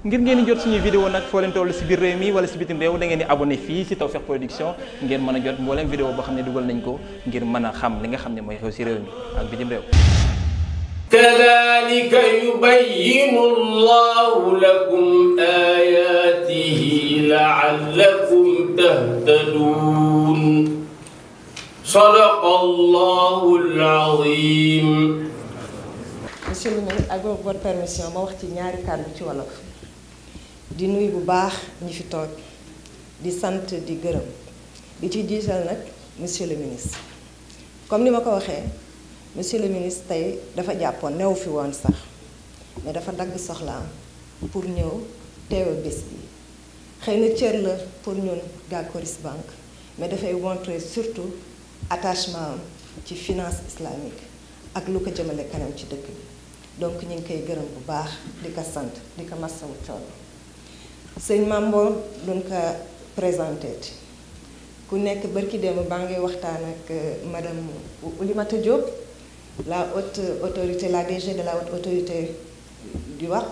ngir ngeen jot suñu vidéo nag foo leen toll si biir réew mi wala si bitim réew da ngeen di abonné fii si Tawfekh Production ngeen mën a jot mbooleem vidéo boo xam ne dugal nañ ko ngir mën a xam li nga xam ne mooy xew si réew mi ak bitim réew kadhalika yubayyinu Allahu lakum ayatihi la'allakum ak votre ma wax ci ñaari kàddu ci wolof. di nuyu bu baax ñi fi toog di sant di gërëm di ci jiital nag monsieur le ministre comme ni ma ko waxee monsieur le ministre tey dafa jàppoon new fi woon sax mais dafa dagg soxlaam pour ñëw teewe bés bi xëy na cër la pour ñun Galcoris Banque mais dafay wontre surtout attachement am ci finance islamique ak lu ko jëmale kanam ci dëkk bi donc ñu ngi koy gërëm bu baax di ko sant di ko masawu coono sëñ Mamboor duñ ko présenté ku nekk bërki dem baa ngi waxtaan ak euh, madame Oulimata Diop la haute autorité la DG de la haute autorité di wax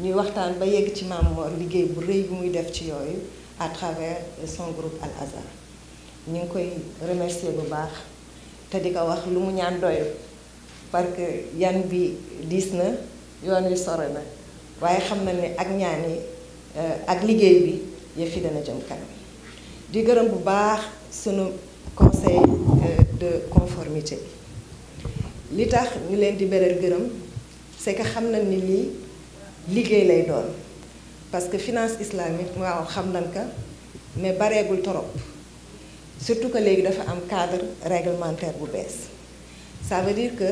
ñuy waxtaan ba yegg ci Mamboor liggéey bu rëy bu muy def ci yooyu à travers son groupe Al Azhar ñu ngi koy remercier bu baax te di ko wax lu mu ñaan doyul parce que yan bi diis na yoon sore na waaye xam na ne ak ñaan yi euh, ak liggéey bi yëf yi dana jëm kanam di gërëm bu baax sunu conseil euh, de conformité li tax ñu leen di beral gërëm c'est que xam nañ ni lii liggéey lay doon parce que finance islamique waaw xam nañ ko mais bareegul torop surtout que léegi dafa am cadre réglementaire bu bees ça veut dire que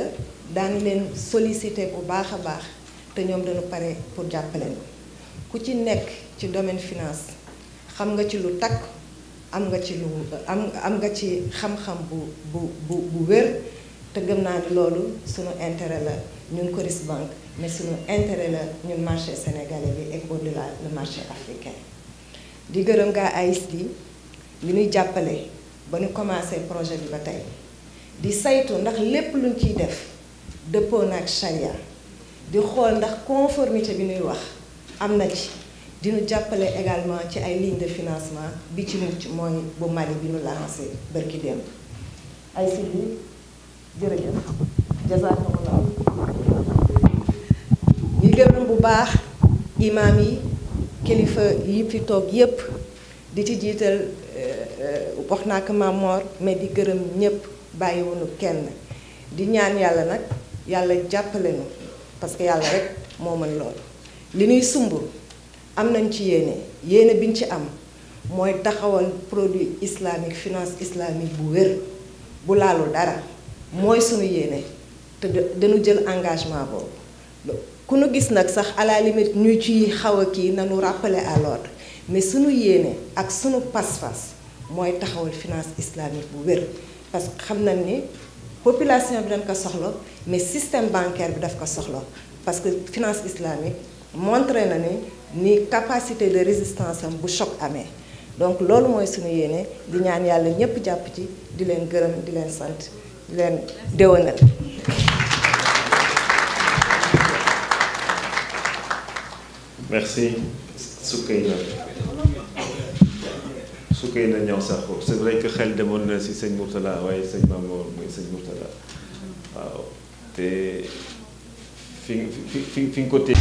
daan leen solicité bu baax a baax te ñoom dañu pare pour jàppale ñu ku ci nekk ci domaine finance xam nga ci lu takk am nga ci lu am am nga ci xam-xam bu bu bu bu wér te gëm naa ni loolu suñu intérêt la ñun Coris Banque mais suñu intérêt la ñun marché sénégalais bi et au-delà le marché africain di gërëm gaa AISD yi ñuy jàppale ba ñu commencé projet bi ba tey di saytu ndax lépp luñ ciy def dëppoo naag charia di xool ndax conformité bi ñuy wax am na ci dinu jàppale également ci ay ligne de financement bi ci mucc mooy bu Mali bi nu lancé bërki démb ay silli jërëjëf jazakumullah ñu gërëm bu baax imaam yi kilifa yi fi toog yépp di ci jiital euh, wax naa ko Maam mais di gërëm ñépp bàyyiwuñu kenn di ñaan yàlla nag yàlla jàppale nu parce que yàlla rek moo mën loolu li ñuy sumb am nañ ci yéene yéene biñ ci am mooy taxawal produit islamique finance islamique bu wér bu laalul dara mooy sunu yéene te danu jël engagement boobu ku nu gis nag sax à la limite ñu ci xaw a kii nañu rappeler à l'ordre mais sunu yéene ak sunu pas-pas mooy taxawal finance islamique bu wér parce xam nañ ni population bi dañ ko soxla mais système bancaire bi daf ko soxla parce que finance islamique montré na ni ni capacité de résistance am bu choc amee donc loolu mooy suñu yéene di ñaan yàlla ñëpp jàpp ci di leen gërëm di leen sant di leen déwénal su koy na ñaw sax ko c'est vrai que xel demoon na si sëñ Mourtala waaye sëñ Mamour mooy sëñ Mourtala waaw te fi fi fi fi nga ko téye.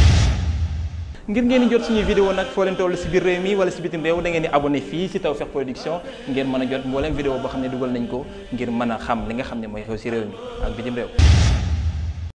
ngir ngeen jot suñuy vidéo nag foo leen toll si biir réew mi wala si bitim réew da di abonné fii si Tawfekh Production ngeen mën a jot mbooleem vidéo boo xam ne dugal nañ ko ngir mën a xam li nga xam ne mooy xew si réew mi ak bitim réew.